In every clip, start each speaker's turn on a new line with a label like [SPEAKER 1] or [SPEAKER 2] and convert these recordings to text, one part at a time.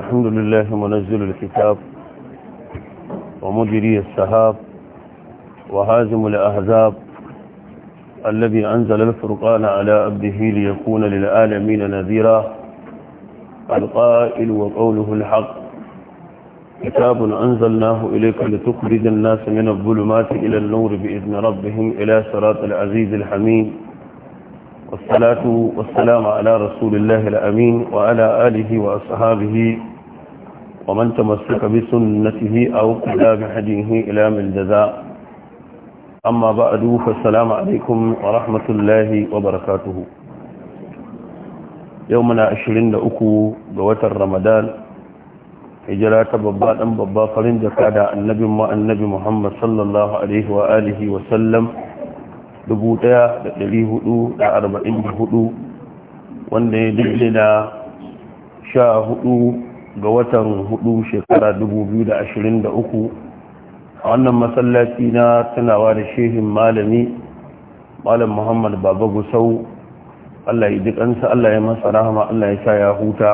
[SPEAKER 1] الحمد لله منزل الكتاب ومجري السحاب وهازم الأحزاب الذي أنزل الفرقان على عبده ليكون للعالمين نذيرا القائل وقوله الحق كتاب أنزلناه إليك لتخرج الناس من الظلمات إلى النور بإذن ربهم إلى صراط العزيز الحميد والصلاة والسلام على رسول الله الأمين وعلى آله وأصحابه ومن تمسك بسنته أو قلا بحديه إلى من جزاء أما بعد فالسلام عليكم ورحمة الله وبركاته يومنا عشرين لأكو قوة رمضان hijira ta babba dan babba farin jaka da annabin ma annabi Muhammad sallallahu alaihi wa alihi wa sallam 1444 wanda ya dubbe da 14 ga watan 4 shekara 2023 a wannan masallaci na tunawa da shehin malami malam muhammad baba gusau allah ya jikansa allah ya masa rahama allah ya sa ya huta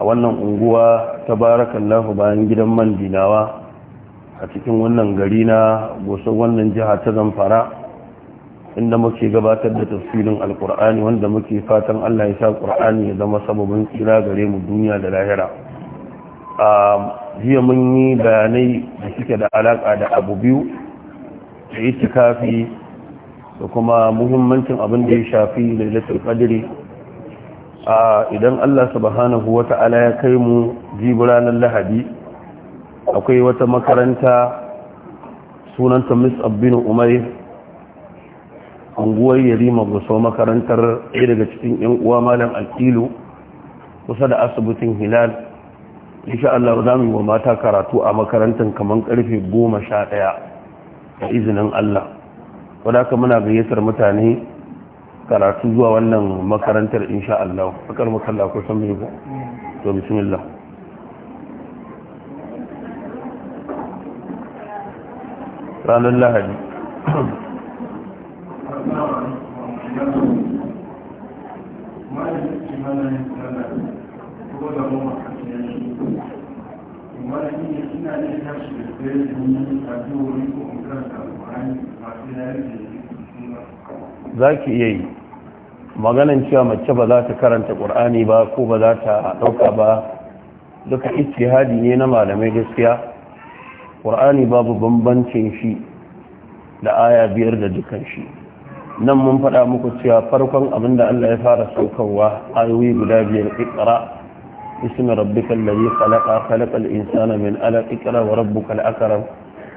[SPEAKER 1] a wannan unguwa ta lafi bayan gidan man dinawa a cikin wannan gari na gusau wannan jiha ta zamfara inda muke gabatar da tafsirin alkur'ani wanda muke fatan Allah ya sa qur'ani ya zama sababin tsira gare mu duniya da lahira a jiya mun yi bayanai da suke da alaka da abu biyu da itikafi da kuma muhimmancin abin da ya shafi lailatul qadri a idan Allah subhanahu wata'ala ya kai mu ranar lahadi akwai wata makaranta sunanta miss abinu umair unguwar yarima so makarantar ɗaya daga cikin yan uwa malam alkilu kusa da asibitin hilal insha Allah za mu wa mata karatu a makarantar kamar karfe goma sha ɗaya da izinin Allah aka muna gayyatar mutane karatu zuwa wannan makarantar insha Allah fakar makalla ko san mai to bismillah ranar lahadi zaki iya yi maganan cewa mace ba za ta karanta ƙur'ani ba ko ba za ta ɗauka ba duka hadi ne na malamai gaskiya ƙur'ani babu bambancin shi da aya biyar da dukan shi nan mun faɗa muku cewa farkon abin da Allah ya fara saukarwa ayoyi guda biyar ikra ismi rabbikal ladhi khalaqa khalaqal insana min alaq ikra wa rabbukal akram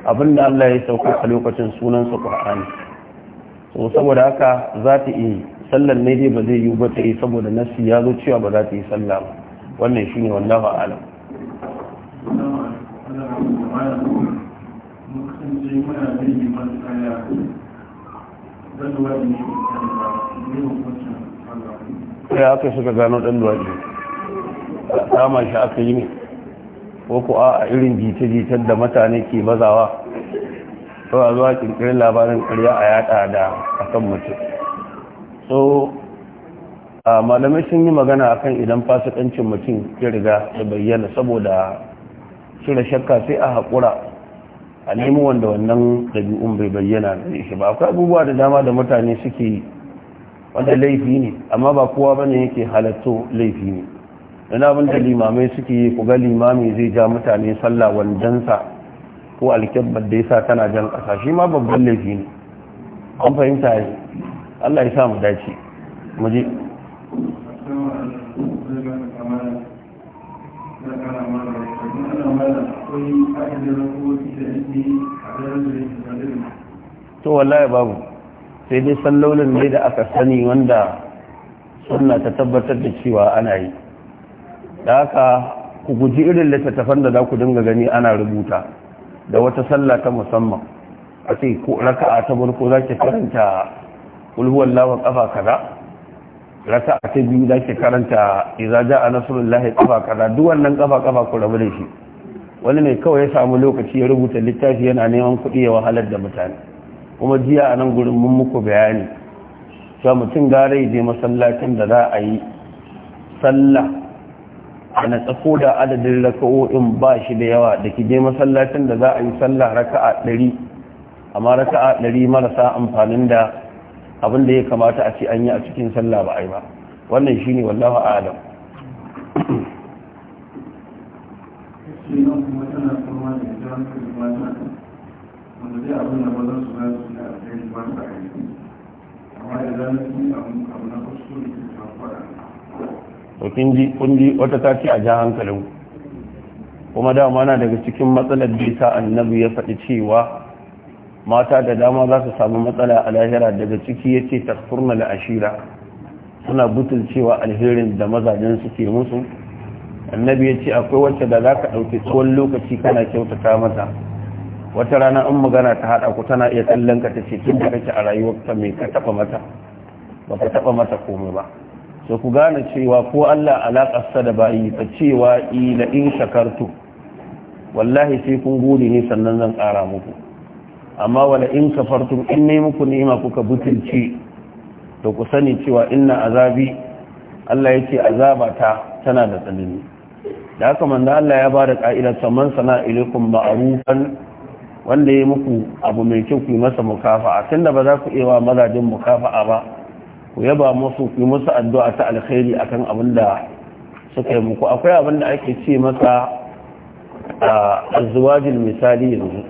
[SPEAKER 1] abin da Allah ya sauka a lokacin sunan sa qur'ani so saboda haka za ta yi sallar ne dai ba zai yi ba ta yi saboda nasi ya zo cewa ba za ta yi sallah ba wannan shine wallahu a'lam
[SPEAKER 2] muna da
[SPEAKER 1] ya aka shiga gano ɗan duwaɗi kama shi aka yi ne ko ku a irin jita-jitar da mutane ke bazawa zuwa zuwa ƙirƙirin labarin ƙarya a yada da kan mutum so a malamai sun yi magana akan idan fasikancin mutum ya riga da bayyana saboda cire shakka sai a haƙura a wanda wannan dabi'un bai bayyana da shi ba akwai abubuwa da dama da mutane suke yi wanda laifi ne amma ba kowa ba ne yake halatto laifi ne don abin da limamai suke yi ga limami zai ja mutane sallah wandansa ko alkyabbar da yasa tana jan ƙasa shi ma babban laifi ne an fahimta Allah ya sa mu dace mu je to wallahi babu sai dai sallolin ne da aka sani wanda suna ta tabbatar da cewa ana yi da haka ku guji irin littattafan da za ku dinga gani ana rubuta da wata sallah ta musamman a ce raka'a ta farko za ki karanta ulhuwan lawan kafa kaza raka'a ta biyu za ki karanta izaja a nasarullahi kafa kaza duk wannan kafa kafa ku rabu da shi wani ne kawai ya samu lokaci ya rubuta littafi yana neman kuɗi ya wahalar da mutane kuma jiya a nan gurin mun muku bayani cewa mutum gara ya je masallacin da za a yi sallah a na tsako da adadin raka'o'in ba shi da yawa da ki je masallacin da za a yi sallah raka'a ɗari amma raka'a ɗari marasa amfanin da abin da ya kamata a ce an yi a cikin sallah ba a yi ba wannan shine wallahu a'lam
[SPEAKER 2] nan kuma tana kuma da ita hankali mata wanda zai abin da bazan su za su da alheri ba su aiki amma idan sun abu na kusa ne su kan faɗa
[SPEAKER 1] to kin ji kun ji wata ta ce a ja hankalin kuma dama na daga cikin matsalar bisa annabi ya faɗi cewa mata da dama za su samu matsala a lahira daga ciki ya ce tasfurna da ashira suna cewa alherin da mazajen su ke musu annabi ya ce akwai wacce da za ka ɗauki tsawon lokaci kana kyautata mata wata rana in magana ta haɗa ku tana iya kallon ka ta ce tun da kake a rayuwarta mai ka taɓa mata ba ka taɓa mata komai ba so ku gane cewa ko Allah alaƙarsa da bayi ta cewa ila in shakartu wallahi sai kun gode ne sannan zan ƙara muku amma wala in kafartum in ne muku ni'ima kuka butulce to ku sani cewa inna azabi Allah yake azabata tana da tsanani da haka manzo Allah ya bada ka'idar saman sana ilaikum ma'rufan wanda ya muku abu mai kyau kuma yi masa mukafa'a tunda ba za ku iya wa mazajin mukafa'a ba ku yaba musu ku musu addu'a ta alkhairi akan abin da suka yi muku akwai abin da ake ce masa azwajil misali yanzu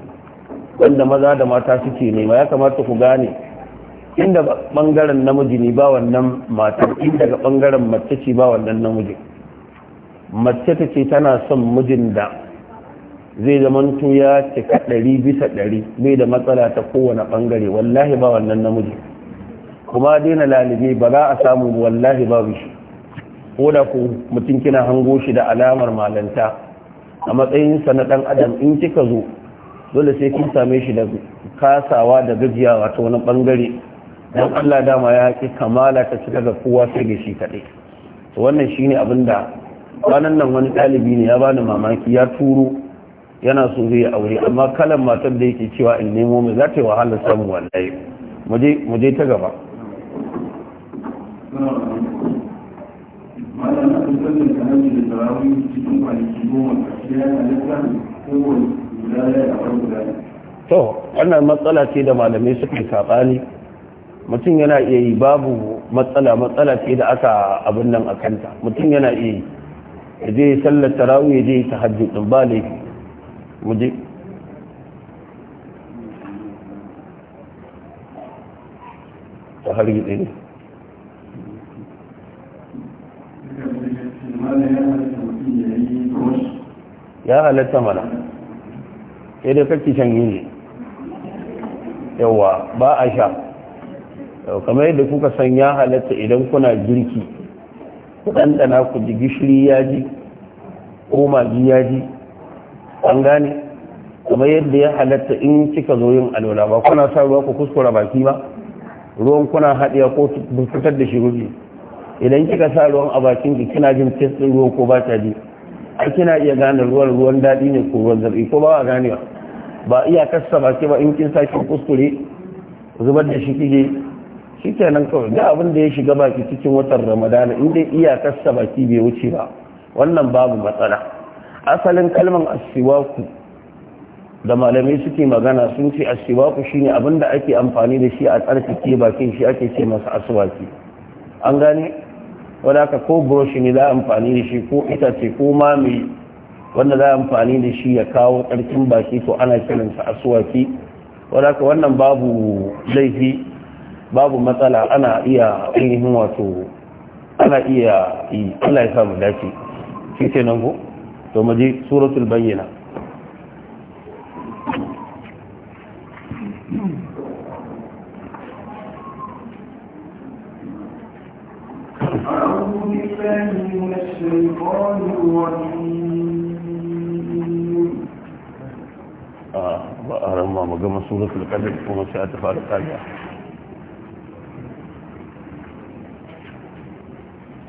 [SPEAKER 1] wanda maza da mata suke nema ya kamata ku gane inda bangaren namiji ne ba wannan matar inda ga bangaren mace ce ba wannan namiji. mace ta ce tana son mijin da zai zamanto ya cika ɗari bisa ɗari bai da matsala ta kowane ɓangare wallahi ba wannan namiji kuma daina lalibi ba za a samu wallahi ba shi ko da ku mutum kina hango shi da alamar malanta a matsayinsa na ɗan adam in kika zo dole sai kin same shi da kasawa da gajiyawa ta wani ɓangare don allah dama ya ki kamala ta cika ga kowa sai da shi kaɗai wannan shine abin da kwanan nan wani ɗalibi ne ya bani mamaki ya turo yana so zai aure amma kalan matar da yake cewa in nemo mai za ta yi wahalar samu wallahi mu je ta gaba to wannan matsala ce da malamai suka saɓani mutum yana iya yi babu matsala matsala ce da aka abin nan a kanta mutum yana iya yi je yi sallar tarawu ya je yi ta hajji ɗin ba ne mu je ta hargi ɗin ne ya halatta mana ya da kake shan ne yawa ba a sha kamar yadda kuka san ya halatta idan kuna girki ɗanɗana ku ji gishiri ya ji ko magi ya ji an gane kuma yadda ya halatta in kika zo yin alwala ba kuna sa ruwa ku kuskura baki ba ruwan kuna haɗiya ko fitar da shi rubi idan kika sa ruwan a bakin ki kina jin tsin ruwan ko ba ta ji ai kina iya gane ruwan ruwan daɗi ne ko ruwan zabi ko ba a ganewa ba iya kasta baki ba in kin sa ki kuskure zubar da shi kike shi kawai da abin da ya shiga baki cikin watan ramadana inda iyakarsa baki bai wuce ba wannan babu matsala asalin kalman asiwaku da malamai suke magana sun ce asiwaku shine abin da ake amfani da shi a tsarkake bakin shi ake ce masa asiwaki an gane wadaka ko buroshi ne za a amfani da shi ko itace ko mami wanda za a amfani da shi ya kawo tsarkin baki to ana kiransa aswaki wadaka wannan babu laifi babu matsala ana iya ainihin wato ana iya yi Allah ya samu dace shi ce nan ko to maji suratul bayyana a ba a ran ma magama suratul kadir kuma sai a tafi da kariya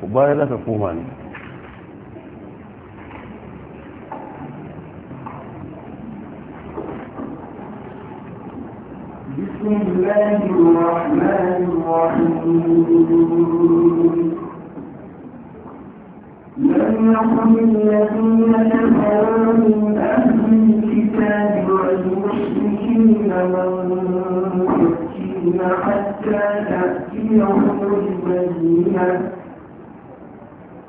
[SPEAKER 1] ku baya za ka koma ne
[SPEAKER 3] بسم الله الرحمن الرحيم لم يكن الذين كفروا من أهل الكتاب والمشركين منفكين حتى تأتيهم البينة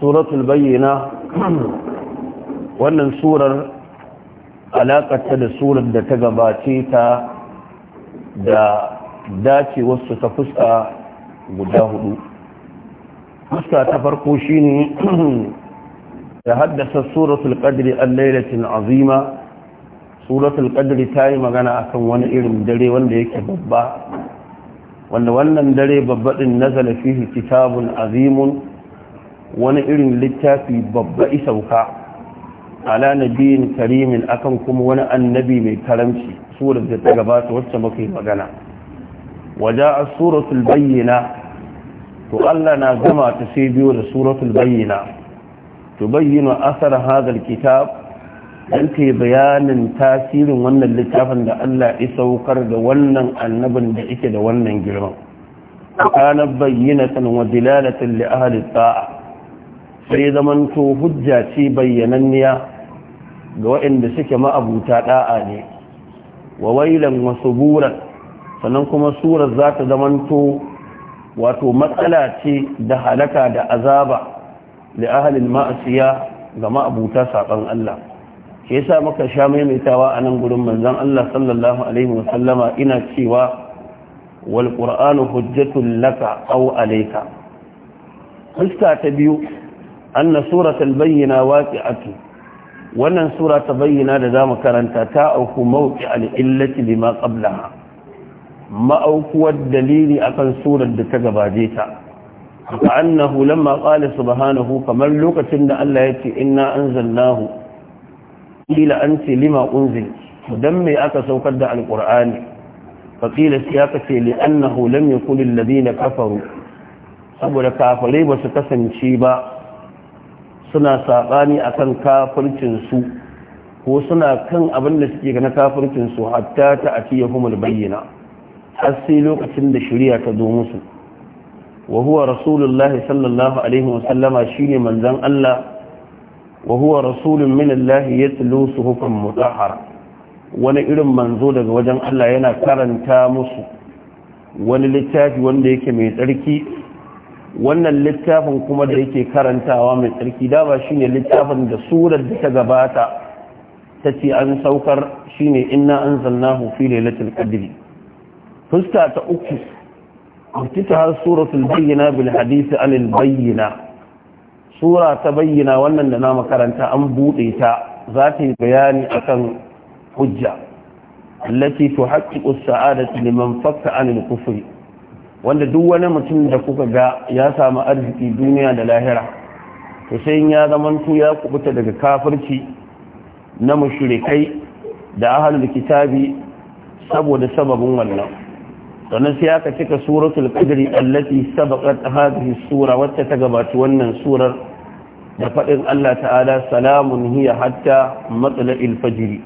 [SPEAKER 1] suratul bayyana wannan surar alaƙarta da surar da ta gabace ta da dace wasu ta fuska guda hudu fuska ta farko shine ta haddasa suratul qadri al-lailatin azima suratul qadri ta yi magana akan wani irin dare wanda yake babba wanda wannan dare babba din nazala fihi kitabun azimun wani irin littafi babba isauka ala nabiyin karimin akan kuma wani annabi mai karamci surar da ta gabata wacce muka yi magana waje a suratul bayyana to Allah na gama ta sai biyo da suratul bayyana to bayyana asar hadal kitab don ta bayanin tasirin wannan littafin da Allah ya saukar da wannan annabin da yake da wannan girman kanar bayyinatan wa dilalatan li ahli ta'a sai zamanto hujja ce bayyananniya ga waɗanda suke ma'abuta ɗa'a ne wa wailan wasu buran sannan kuma surar za ta zamanto wato matsala ce da halaka da azaba da ahalin ma'asiya ga ma'abuta saɓan Allah ke sa maka sha maimaitawa a nan gudun manzan Allah sallallahu Alaihi wasallama ina cewa wal ƙura'anu hujjatun laka au alaika fuska ta biyu an na suratul bayyana waƙi'atu wannan sura ta bayyana da zamu karanta ta auku mawqi al-illati bima qablaha ma'aukuwar dalili akan surar da ta gabaje ta ka annahu lamma qala subhanahu kamar lokacin da Allah ya ce inna anzalnahu ila anti lima unzil dan me aka saukar da alqur'ani faqila siyaqati li annahu lam yakul alladhina kafaru saboda kafirai ba su kasance ba suna saɓani a kan kafircinsu ko suna kan abin da suke na kafircinsu hatta ta a ciye humul bayyana har sai lokacin da shirya ta zo musu wa huwa rasulullahi sallallahu alaihi sallama shine manzon Allah wa huwa rasulun min Allah yatlu suhufan wani irin manzo daga wajen Allah yana karanta musu wani littafi wanda yake mai tsarki wannan littafin kuma da yake karantawa mai tsarki da ba shine littafin da surar da ta gabata ta ce an saukar shine inna anzalnahu fi lailatul qadri fuska ta uku har suratul bayyina bil hadisi anil bayyina sura ta bayyina wannan da na makaranta an bude ta za ta yi bayani akan hujja التي تحقق السعادة لمن فك عن الكفر wanda duk wani mutum da kuka ga ya samu arziki duniya da lahira to sai ya zamanto ya kubuta daga kafirci na mushrikai da ahlul kitabi saboda sababin wannan sannan sai aka cika suratul qadri allati sabaqat hadhihi sura wacce ta gabaci wannan surar da fadin Allah ta'ala salamun hiya hatta matla'il fajr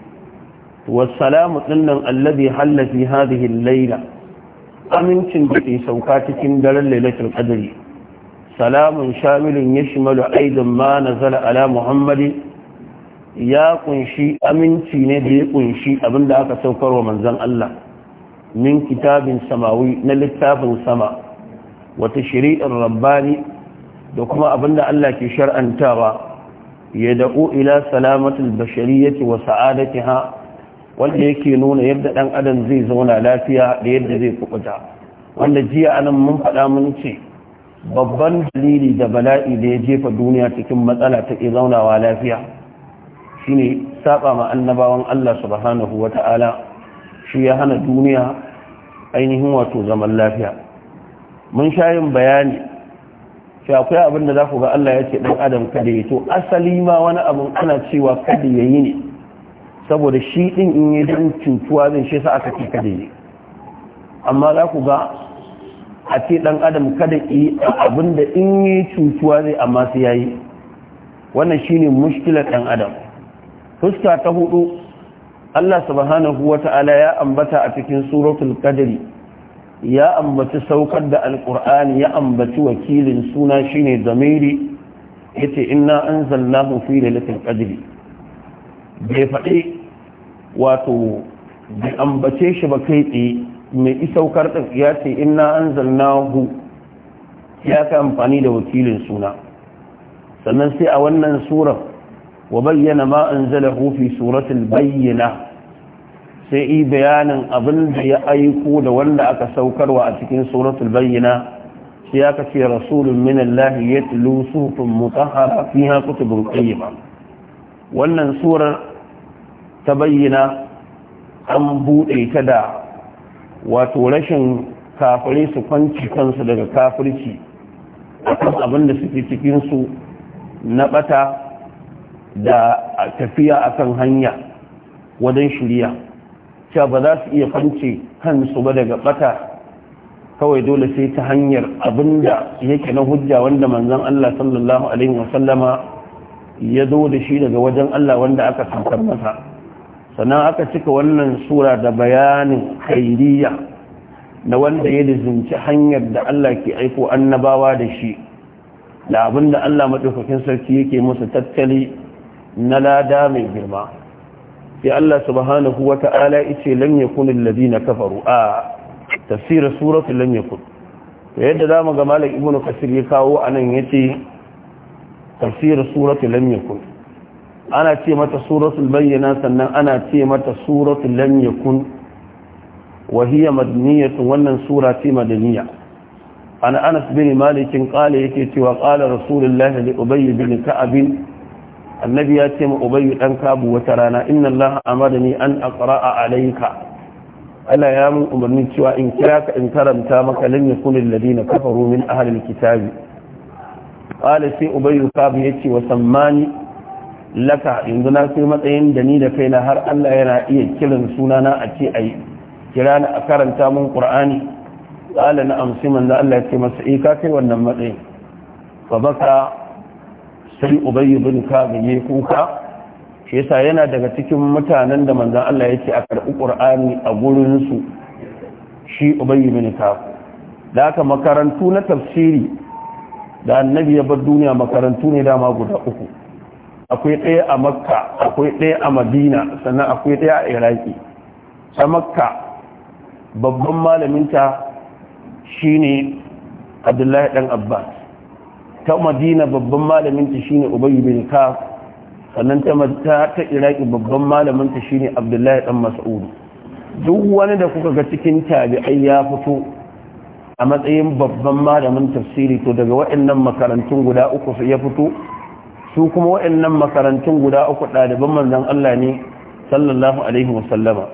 [SPEAKER 1] والسلام قلنا الذي حل في هذه الليله amincin da ke sauka cikin daren lailatul qadri salamun shamilun yashmalu aidan ma nazala ala muhammadi ya kunshi aminci ne da ya kunshi abinda aka saukar wa manzon Allah min kitabin samawi na littafin sama wata shari'ar rabbani da kuma abinda Allah ke shar'antawa ya da'u ila salamatul bashariyati wa sa'adatiha wanda yake nuna yadda dan adam zai zauna lafiya da yadda zai kubuta wanda jiya anan mun faɗa mun ce babban dalili da bala'i da ya jefa duniya cikin matsala ta ke zaunawa lafiya shine saba ma annabawan Allah subhanahu wata'ala shi ya hana duniya ainihin wato zaman lafiya mun sha yin bayani shi akwai abin da za ku ga Allah ya ce dan adam kada ya to asali ma wani abin ana cewa kada ya yi ne saboda shi din in yi don cutuwa zai shi sa aka kika da yi amma za ku ga a ce dan adam kada yi abin da in yi cutuwa zai amma sai yayi wannan shine mushkilar dan adam fuska ta hudu Allah subhanahu Ta'ala, ya ambata a cikin suratul qadri ya ambaci saukar da alqur'ani ya ambaci wakilin suna shine zamiri yace inna anzalnahu fi lailatul qadri bai faɗi wato bi ambace shi ba kai tsaye mai isaukar ɗin ya ce inna an hu ya ka amfani da wakilin suna sannan sai a wannan surar wa bayyana ma an zala hufi suratul bayyana sai yi bayanin abin da ya aiko da wanda aka saukarwa a cikin suratul bayyana sai ya kace rasulun min Allah ya tilu sufin mutahara fi kutubun qayyima wannan surar ta bayyana an buɗe ta da wato rashin kafirai su kwanci kansu daga kafirci akan abin da suke cikinsu na ɓata da tafiya akan hanya wajen shirya cewa ba za su iya kwanci kansu ba daga ɓata kawai dole sai ta hanyar abin da yake na hujja wanda manzan Allah sallallahu alaihi wasallama ya zo da shi daga wajen Allah wanda aka saukar masa sannan aka cika wannan sura da bayanin hairiya na wanda ya lizinci hanyar da Allah ke aiko annabawa da shi da abin da Allah maɗaukakin sarki yake musu tattali na lada mai girma sai Allah subhanahu wa ta'ala ice lam yakun alladhina kafaru a tafsirin suratul lam yakun to yadda zamu ga malam ibnu kasir ya kawo anan yace tafsirin suratul lam yakun ana ce mata suratul bayyana sannan ana ce mata suratul lam yakun wa wannan sura ce madaniya an anas bin malik qala yake cewa qala rasulullah li ubay bin ka'ab annabi ya ce ma ubay dan kabu wata rana inna allah amadani an aqra'a alayka Allah ya mun umarni cewa in kira ka in karanta maka lam yakun alladhina kafaru min ahli alkitabi qala sai ubay ka'ab yace wa sammani laka yanzu na kai matsayin da ni da kaina har Allah yana iya kiran sunana a ce ai kira ni a karanta min Qur'ani qala na amsi manzo Allah ya ce masa eh ka kai wannan matsayin fa baka sai ubay ibn ka'ab ne kuka shi yasa yana daga cikin mutanen da manzo Allah ya ce a karbi Qur'ani a gurin su shi ubay ibn ka'ab da aka makarantu na tafsiri da annabi ya bar duniya makarantu ne dama guda uku akwai ɗaya a makka akwai ɗaya a madina sannan akwai ɗaya a iraki ta makka babban malaminta shi ne abdullahi Ɗan abbas ta madina babban malaminta shi ne ubayy bin ka sannan ta ta iraki babban malaminta shi ne abdullahi Ɗan masu'udu duk wani da kuka ga cikin tabi'ai ya fito a matsayin babban malamin tafsiri to daga waɗannan makarantun guda uku ya fito su kuma waɗannan makarantun guda uku ɗaliban manzon Allah ne sallallahu alaihi wasallama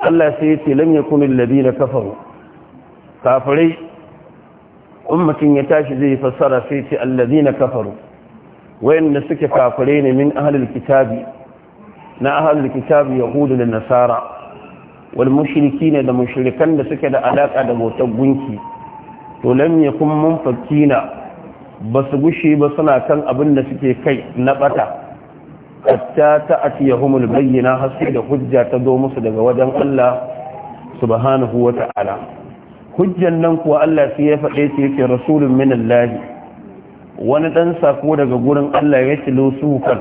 [SPEAKER 1] Allah sai yace lam yakun alladhina kafaru kafirai ummatin ya tashi zai fassara sai ce alladhina kafaru wayanda suke kafirai ne min ahlul kitabi na ahlul kitabi yahudu da nasara wal mushrikina da mushrikan da suke da alaka da motar gunki to lam yakun munfakina ba su gushe ba suna kan abin da suke kai na bata hatta ta atiyahumul bayyana haske da hujja ta zo musu daga wajen Allah subhanahu wata'ala hujjan nan kuwa Allah sai ya faɗe shi yake rasulun min wani dan sako daga gurin Allah ya tilo kan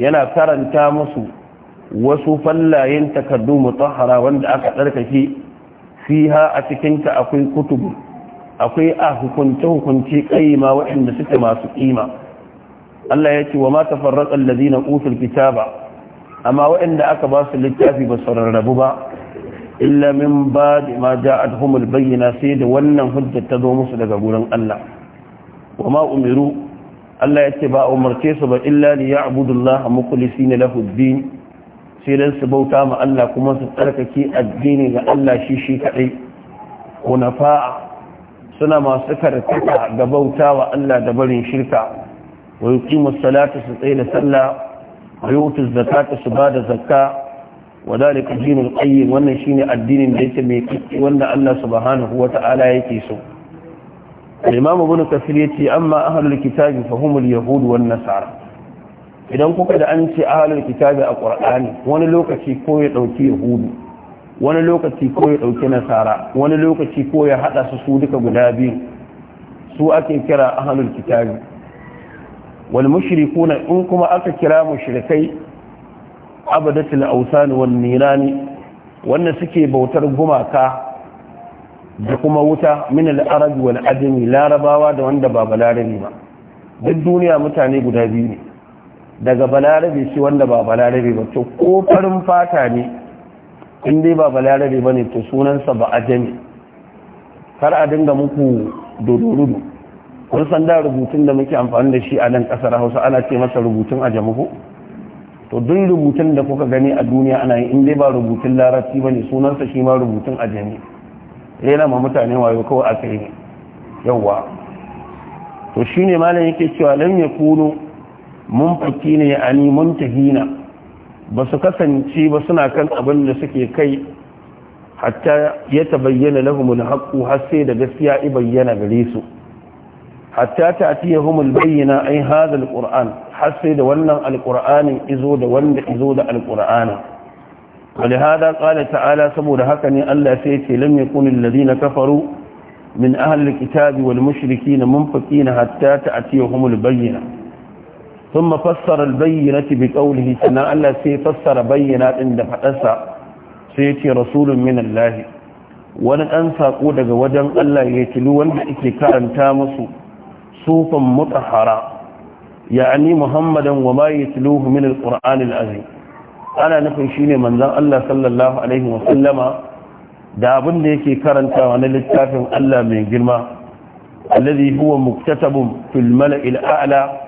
[SPEAKER 1] yana karanta musu wasu fallayen takardu mutahhara wanda aka tsarkake fiha a cikinta akwai kutubu akwai a hukunce-hukunce ƙayyama waɗanda suke masu ƙima Allah ya ce wa ma tafarraƙar lazina fita ba. amma waɗanda aka ba su littafi ba su rarrabu ba illa min ba da ma ja'adhumul bayyana sai da wannan hujjar ta zo musu daga gurin Allah wa ma umiru Allah ya ce ba umarce su ba illa li Allah a mukulisi na din sai dan su bauta ma Allah kuma su tsarkake addini ga Allah shi shi kaɗai hunafa'a suna masu karkata ga bautawa Allah da barin shirka wa yuqimu salata su tsaye da sallah wa yutu zakata su bada zakka wa dalika dinul qayyim wannan shine addinin da yake mai kike wanda Allah subhanahu wata'ala yake so Limamu bin kafir yace amma ahlul kitabi fahumul yahud wan nasara idan kuka da an ce ahlul kitabi a Qur'ani wani lokaci ko ya dauki yahudu wani lokaci ko ya ɗauki nasara wani lokaci ko ya haɗa su su duka guda biyu su ake kira ahalul kitabi wal mushrikuna in kuma aka kira mushrikai abadatul awsan wan nirani wanda suke bautar gumaka da kuma wuta min al arab wal adami larabawa da wanda ba balarabi ba duk duniya mutane guda biyu ne daga balarabi shi wanda ba balarabi ba to ko farin fata ne in dai ba balarabe ba ne to sunansa ba a jami kar a dinga muku dodorudu kun san da rubutun da muke amfani da shi a nan kasar hausa ana ce masa rubutun a jamuku to duk rubutun da kuka gani a duniya ana yi in dai ba rubutun larabci ba ne sunansa shi ma rubutun a jami rena ma mutane wayo kawai aka yi yawwa to shi ne malam yake cewa lam yakunu fakki ne ani tahina ba su kasance ba suna kan abin da suke kai hatta ya tabayyana lahumul haqqu har sai da gaskiya i bayyana gare su hatta humul bayyana ay hadha alquran har sai da wannan alqur'anin izo da wanda izo da alqur'anin ولهذا قال تعالى سبود هكني ألا سيتي لم يكن الذين كفروا من أهل الكتاب والمشركين منفكين حتى تأتيهم البينة ثم فسر البينة بقوله سنة الله سيفسر بينات عند فأسى سيتي رسول من الله ولن أنسى قودك ودن الله يتلون بإتكاء تامس صوفا مطهرا يعني محمدا وما يتلوه من القرآن العظيم أنا نفن شيني من ذا الله صلى الله عليه وسلم da abin da yake karantawa na littafin Allah mai girma alladhi huwa muktatabun fil mala'il a'la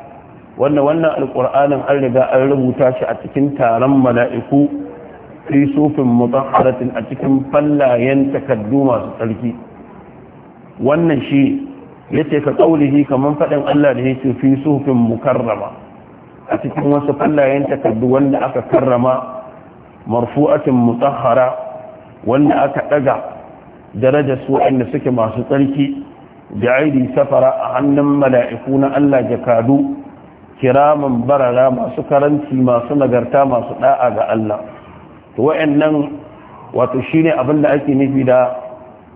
[SPEAKER 1] wanda wannan alƙur'anin an riga an rubuta shi a cikin taron mala'iku fi sufin mutaharatin a cikin fallayen takaddu masu tsarki wannan shi ce ka kaulihi kamar faɗin Allah da ce fi sufin mukarrama a cikin wasu fallayen takaddu wanda aka karrama marfu'atin mutahhara wanda aka ɗaga daraja su inda suke masu tsarki da aidi safara a hannun mala'iku na Allah jakadu kiraman barara masu karanci masu nagarta masu da'a ga Allah to wato shine abin da ake nufi da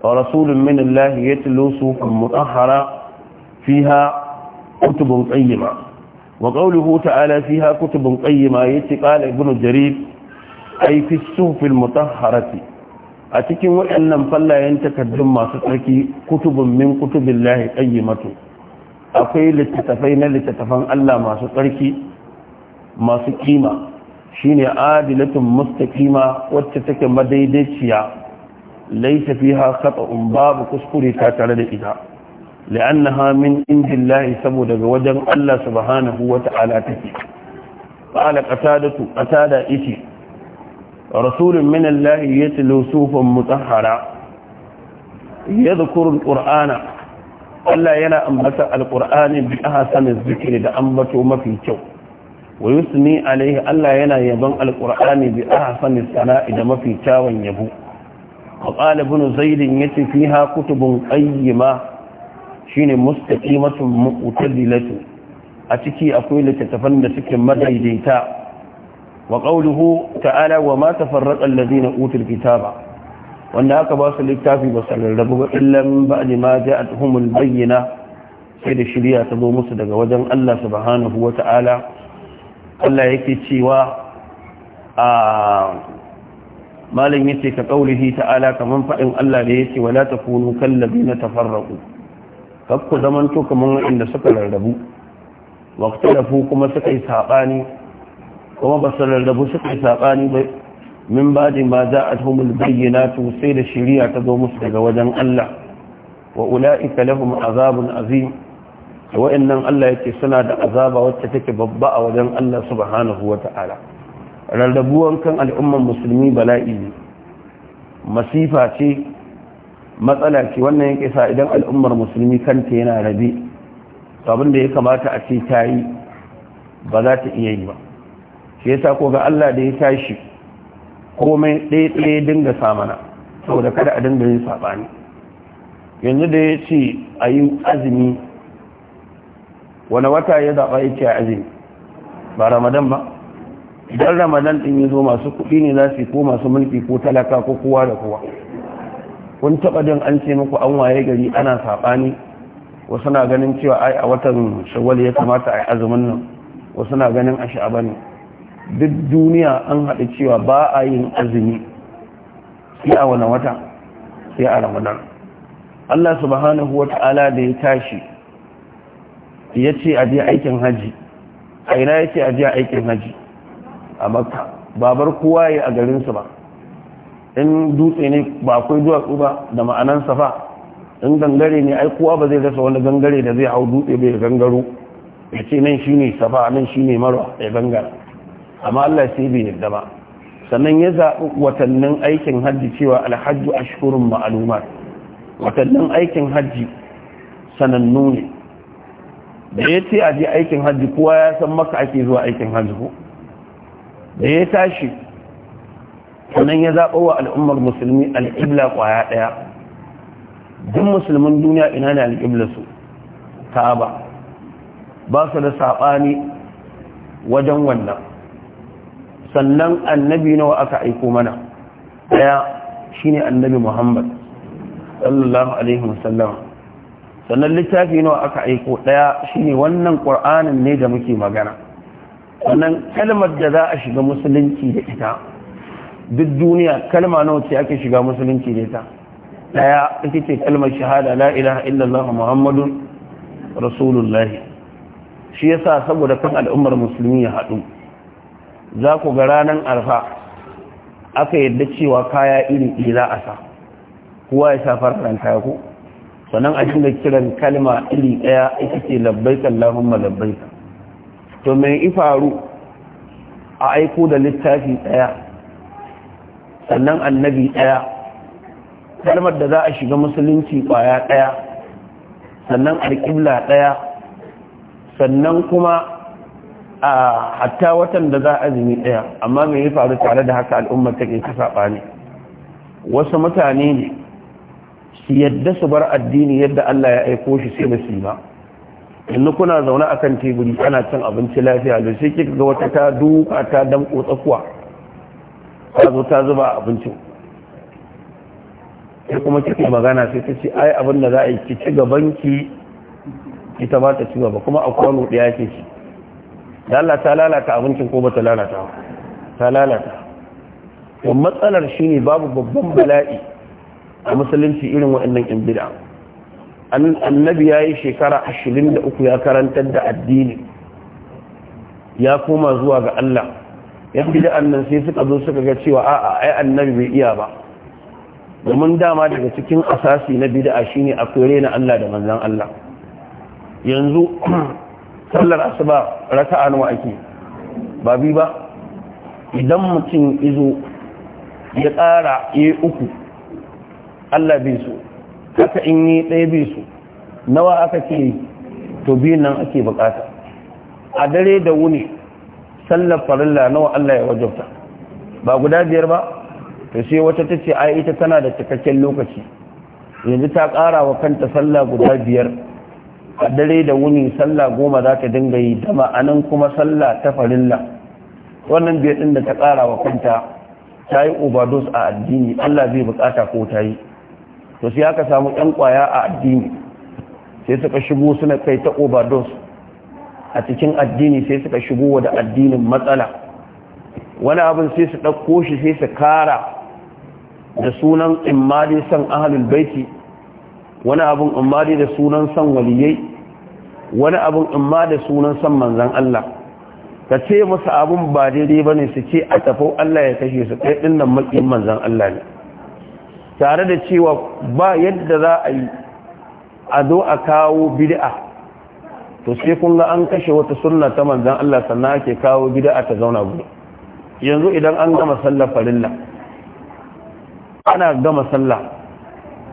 [SPEAKER 1] rasulun ya Allah yatlu sufan mutahhara fiha kutubun qayyima wa qawluhu ta'ala fiha kutubun qayyima yace qala ibn jarir ay fi sufil mutahharati a cikin wayannan fallayen takardun masu tsarki kutubun min kutubillahi qayyimatu akwai littattafai na littattafan Allah masu tsarki masu kima shine adilatun mustaqima wacce take madaidaiciya laysa fiha un babu kuskure ta tare da ita la'annaha min indillahi saboda ga wajen Allah subhanahu wata'ala take qala qatadatu qatada iti rasulun min Allah yatlu sufan mutahhara yadhkuru Qur'ana. Allah yana ambata alkur'ani bi ahsaniz zikri da ambato mafi kyau wa yusni alaihi Allah yana yaban alkur'ani bi ahsaniz sana'i da mafi kyawun yabo wa qala ibn zaid yace fiha kutubun qayyima shine mustaqimatun mu'tadilatu a ciki akwai littattafan da suke madaidaita wa qawluhu ta'ala wa ma tafarraqa alladhina utul kitaba wanda aka ba su littafi ba su rarrabu ba illan ba ma ja'atuhumul bayyana sai da shirya ta zo musu daga wajen Allah subhanahu ta'ala Allah yake cewa a malam yace ka kaulihi ta'ala kamar fadin Allah da yace wala takunu kallabina tafarraqu kakku zaman to kaman inda suka rarrabu waqtalafu kuma suka yi saɓani kuma ba su rarrabu suka yi saɓani ba min a ma ja'atuhumul bayyinatu sai da shari'a ta zo musu daga wajen Allah wa ula'ika lahum azabun azim wa'annan Allah yake suna da azaba wacce take babba a wajen Allah subhanahu wata'ala rarrabuwan kan al'umman musulmi bala'i ne masifa ce matsala ce wannan yake sa idan al'ummar musulmi kanta yana rabe abin da ya kamata a ce ta yi ba za ta iya yi ba shi yasa ko ga Allah da ya tashi komai ɗaya-ɗaya dinga samana saboda kada a dinga yin saɓani yanzu da ya ce a yi azumi wani wata ya zaɓa ya ce azumi ba ramadan ba idan ramadan ɗin ya zo masu kuɗi ne za su ko masu mulki ko talaka ko kowa da kowa kun taɓa jin an ce muku an waye gari ana saɓani wasu na ganin cewa ai a watan shawwal ya kamata a yi azumin nan wasu na ganin a sha'aba ne duk duniya an haɗu cewa ba a yin azumi sai a wani wata sai a ramadan Allah subhanahu wa ta'ala da ya tashi ya ce a je aikin haji a ina ya ce a je aikin haji a makka babar kowa ya a garinsu ba in dutse ne ba akwai duwatsu ba da ma'anan safa in gangare ne ai kowa ba zai rasa wani gangare da zai hau dutse bai gangaro ya ce nan shine safa nan shine marwa ya gangara amma Allah sai bai yarda ba sannan ya zaɓi watannin aikin hajji cewa alhajju ashhurun ma'lumat watannin aikin hajji sanannu ne da ya ce a je aikin hajji kowa ya san maka ake zuwa aikin hajji ko da ya tashi sannan ya zaɓa wa al'ummar musulmi al'ibla ƙwaya ɗaya duk musulmin duniya ina ne al'ibla su ka'aba ba su da saɓani wajen wannan sannan annabi nawa aka aiko mana daya shine annabi Muhammad sallallahu alaihi wasallam sannan littafi nawa aka aiko daya shine wannan Qur'anin ne da muke magana sannan kalmar da za a shiga musulunci da ita duk duniya kalma nawa ce ake shiga musulunci da ita daya ita ce kalmar shahada la ilaha illallah muhammadun rasulullah shi yasa saboda kan al'ummar musulmi ya haɗu za ku ga ranar arfa aka yadda cewa kaya iri ila a sa kuwa ya sa fararen kaya ku sannan a cikin kiran kalma iri ɗaya ita ce labbaika Allahumma labbaika to mai ifaru a aiko da littafi ɗaya sannan annabi ɗaya kalmar da za a shiga musulunci ƙwaya ɗaya sannan alƙibla ɗaya sannan kuma a hatta watan da za a azumi ɗaya amma mai ya faru tare da haka al'ummar take ta saba ne wasu mutane ne su yadda su bar addini yadda Allah ya aiko shi sai basu ba yanzu kuna zaune a kan teburi ana cin abinci lafiya da sai kika ga wata ta duka ta damƙo tsakuwa ta zo ta zuba abincin sai kuma kika magana sai ta ce ai abin za a yi ki ci gaban ki ita ba ta ci gaba kuma a kwano ɗaya ke ci Allah ta lalata abincin ko bata lalata ta lalata matsalar shine babu babban bala'i a musulunci irin waɗannan in bid'a annabi yayi shekara da uku ya karantar da addini ya koma zuwa ga Allah yan bid'an nan sai suka zo suka ga cewa a'a ai annabi bai iya ba domin dama daga cikin asasi na bida'a shine akwai rena Allah da manzon Allah yanzu sallar asuba raka'a nawa ake ba bi ba idan mutum izo ya tsara ya uku Allah bai su haka in yi ɗaya bai su nawa aka ce to biyun nan ake bukata a dare da wuni sallar farilla nawa Allah ya wajabta ba guda biyar ba to sai wata ta ce ai ita tana da cikakken lokaci yanzu ta ƙara wa kanta sallah guda biyar a dare da wuni sallah goma za ka dinga yi da ma'anan kuma sallah ta farilla wannan biyar din da ta ƙara wa kanta ta yi overdose a addini allah zai bukata ko ta yi to sai aka samu yan kwaya a addini sai suka shigo suna kai ta overdose a cikin addini sai suka shigo da addinin matsala wani abin sai su ɗauko shi sai su kara da sunan imali san ahalul baiti wani abin imali da sunan san waliyai wani abin in ma da sunan san manzan Allah ka ce masa abin ba daidai ba ne su ce a tafau Allah ya kashe su kai ɗin nan maƙin manzan Allah ne tare da cewa ba yadda za a yi a zo a kawo bid'a to sai kun ga an kashe wata sunna ta manzan Allah sannan ake kawo bid'a ta zauna gudu yanzu idan an gama sallar farilla ana gama sallah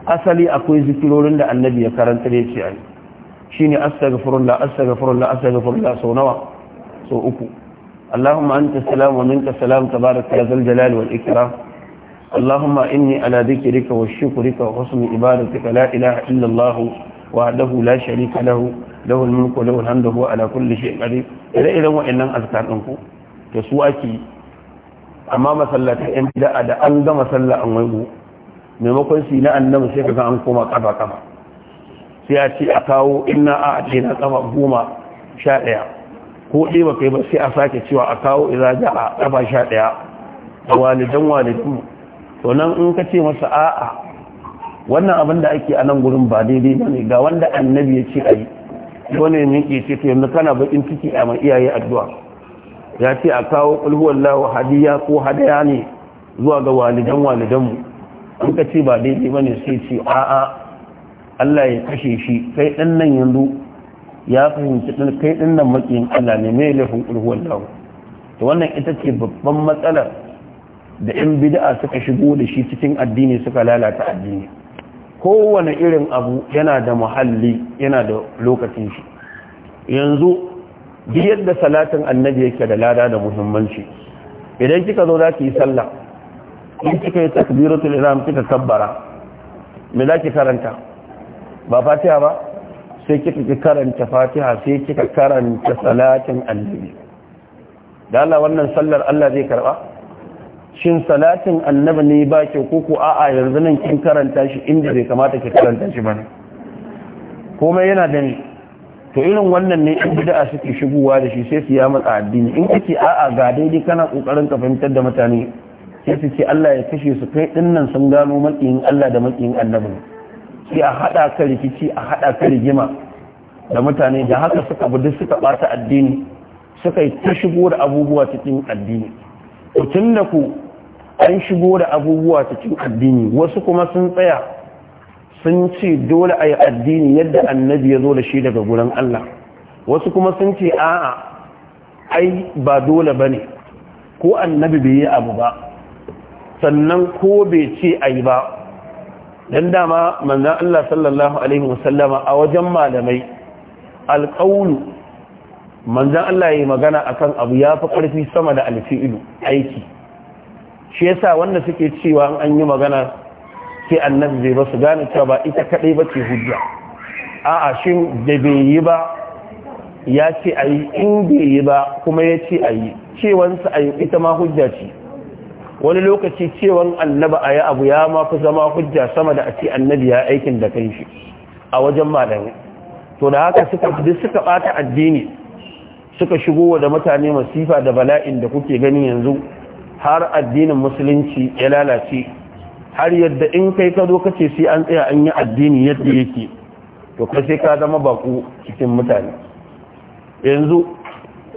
[SPEAKER 1] asali akwai zikirorin da annabi ya karanta da ya ce shi ne astagfirullah astagfirullah astagfirullah sau nawa sau uku allahumma anta salam wa minka salam tabaraka ya zal jalal wal ikram allahumma inni ala dhikrika wa shukrika wa husni ibadatika la ilaha illa allah wahdahu la sharika lahu lahu al mulku wa lahu al hamdu huwa ala kulli shay'in qadir ire iren wa'annan azkar din ku to su ake amma masallata in da an gama sallah an waibu maimakon si na annabi sai ka ga an koma kafa kafa sai a ce a kawo ina a ce na kafa goma sha ɗaya ko ɗaya ba kai ba sai a sake cewa a kawo idan ja a kafa sha ɗaya da walidan walidu to nan in ka ce masa a'a wannan abin da ake a nan gurin ba daidai ba ne ga wanda annabi ya ce a yi wani ne ke ce to yanzu kana bakin ciki a mai iyaye addu'a ya ce a kawo ƙulhuwallahu hadiya ko hadaya ne zuwa ga walidan walidanmu an ka ce ba daidai ba ne sai ce a'a Allah ya kashe shi kai ɗan nan yanzu ya fahimci ɗan kai ɗan nan makiyin Allah ne mai laifin ƙulhuwar lahu to wannan ita ce babban matsalar da 'yan bida'a suka shigo da shi cikin addini suka lalata addini kowane irin abu yana da muhalli yana da lokacin shi yanzu duk yadda salatin annabi yake da lada da muhimmanci idan kika zo za ki yi sallah in kika yi takbiratul ihram kika kabbara me za ki karanta ba fatiha ba sai kika karanta fatiha sai kika karanta salatin annabi da Allah wannan sallar Allah zai karba shin salatin annabi ne ba ke kuku a'a yanzu nan kin karanta shi inda bai kamata ki karanta shi ba komai yana da ni to irin wannan ne in bid'a suke shigowa da shi sai su ya matsa addini in kace a'a ga daidai kana kokarin ka fahimtar da mutane sai su ce Allah ya kashe su kai dinnan sun gano makiyin Allah da makiyin annabi sai a haɗa ka rikici a haɗa ka rigima da mutane da haka suka budu suka ɓata addini suka yi ta shigo da abubuwa cikin addini tun da ku an shigo da abubuwa cikin addini wasu kuma sun tsaya sun ce dole a yi addini yadda annabi ya zo da shi daga gurin Allah wasu kuma sun ce a'a ai ba dole ba ko annabi bai yi abu ba sannan ko bai ce a yi ba dan dama manzan Allah sallallahu alaihi wasallama a wajen malamai alƙaulu manzan Allah ya magana akan abu ya fi ƙarfi sama da alfi'ilu aiki shi yasa wanda suke cewa an yi magana ke annabi zai ba su gane cewa ba ita kaɗai ba ce hujja a'a shi da bai yi ba ya ce a yi in bai yi ba kuma ya ce a yi cewansa a ita ma hujja ce wani lokaci cewan annaba a yi abu ya mafi zama hujja sama da a ce annabi ya aikin da kan shi a wajen malamai to da haka suka duk suka bata addini suka shigo da mutane masifa da bala'in da kuke gani yanzu har addinin musulunci ya lalace har yadda in kai ka zo kace sai an tsaya an yi addini yadda yake to kai sai ka zama baku cikin mutane yanzu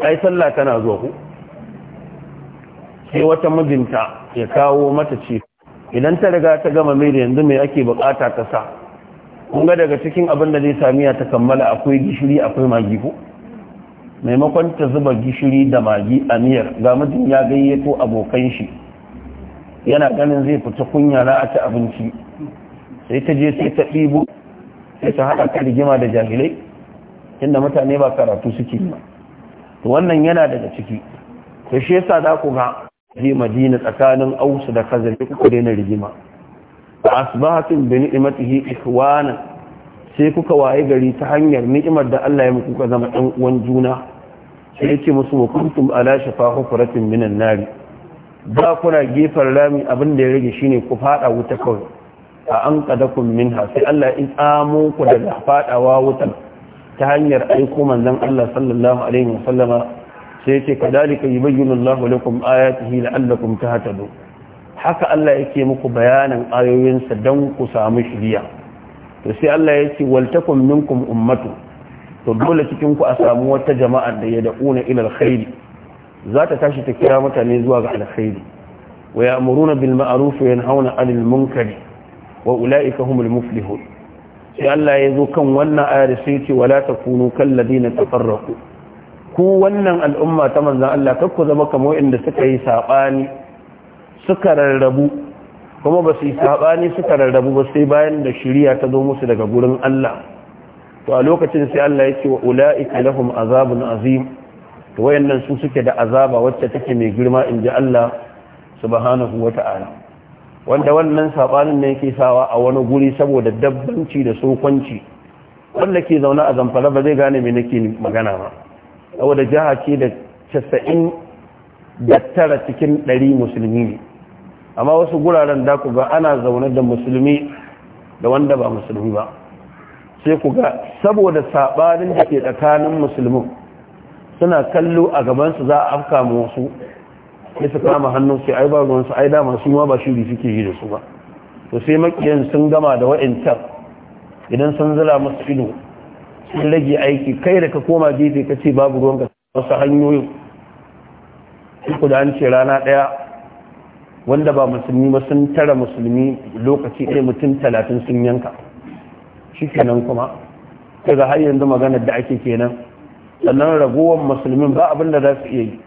[SPEAKER 1] ai sallah tana zuwa ku sai wata mijinta ya kawo mata ce idan ta riga ta gama mai yanzu mai ake bukata ta sa kun ga daga cikin abin da zai samiya ta kammala akwai gishiri akwai magi ko maimakon ta zuba gishiri da magi a miyar ga mijin ya gayyato abokan shi yana ganin zai fita kunya na a ci abinci sai ta je sai ta ɗibo sai ta haɗa ta rigima da jahilai inda mutane ba karatu suke ba wannan yana daga ciki ta shi yasa za ku ga je madina tsakanin ausu da Kazari kuka daina rigima fa asbahatum bi ni'matihi ikhwana sai kuka waye gari ta hanyar ni'imar da Allah ya muku kuka zama ɗan uwan juna sai yake musu wa kuntum ala shafa hufratin minan nari ba kuna gefen rami abin da ya rage shine ku fada wuta kawai a an qadakum minha sai Allah in tsamo ku daga fadawa wutar ta hanyar aiko manzon Allah sallallahu alaihi wasallama sai ce kadalika yubayyinu Allahu lakum ayatihi la'allakum tahtadun haka Allah yake muku bayanan ayoyinsa dan ku samu shiriya to sai Allah ya ce wal takum minkum ummatu to dole cikin ku a samu wata jama'a da ya da'una ila alkhairi za ta tashi ta kira mutane zuwa ga alkhairi wa ya'muruna bil ma'ruf wa yanhauna 'anil munkari wa ulaika humul muflihun sai Allah ya zo kan wannan ayar sai ce wala takunu kal ladina tafarraqu ku wannan al'umma ta manzan Allah ku zama kamo inda suka yi saɓani suka rarrabu kuma ba su yi saɓani suka rarrabu ba sai bayan da shirya ta zo musu daga gurin Allah to a lokacin sai Allah ya ce wa ula'ika lahum azabun azim to wayannan su suke da azaba wacce take mai girma in ji Allah subhanahu wata'ala wanda wannan sabanin ne yake sawa a wani guri saboda dabbanci da sokanci wanda ke zaune a zamfara ba zai gane me nake magana ba wadda jiha ce da casa'in da tara cikin ɗari musulmi ne amma wasu guraren da ku ga ana zaune da musulmi da wanda ba musulmi ba sai ku ga saboda saɓanin da ke tsakanin musulmin suna kallo a gabansu za a afka wasu ya su kama hannun sai ai ba ruwansu ai dama su ma ba shiri suke yi da su ba to sai makiyan sun gama da wa'ancan idan sun zira musu ido sun rage aiki kai da ka koma gefe ka ce babu ruwan ka wasu hanyoyin ku da an ce rana ɗaya wanda ba musulmi ba sun tara musulmi lokaci ɗaya mutum talatin sun yanka shi kenan kuma daga har yanzu magana da ake kenan sannan ragowar musulmin ba abin da za su iya yi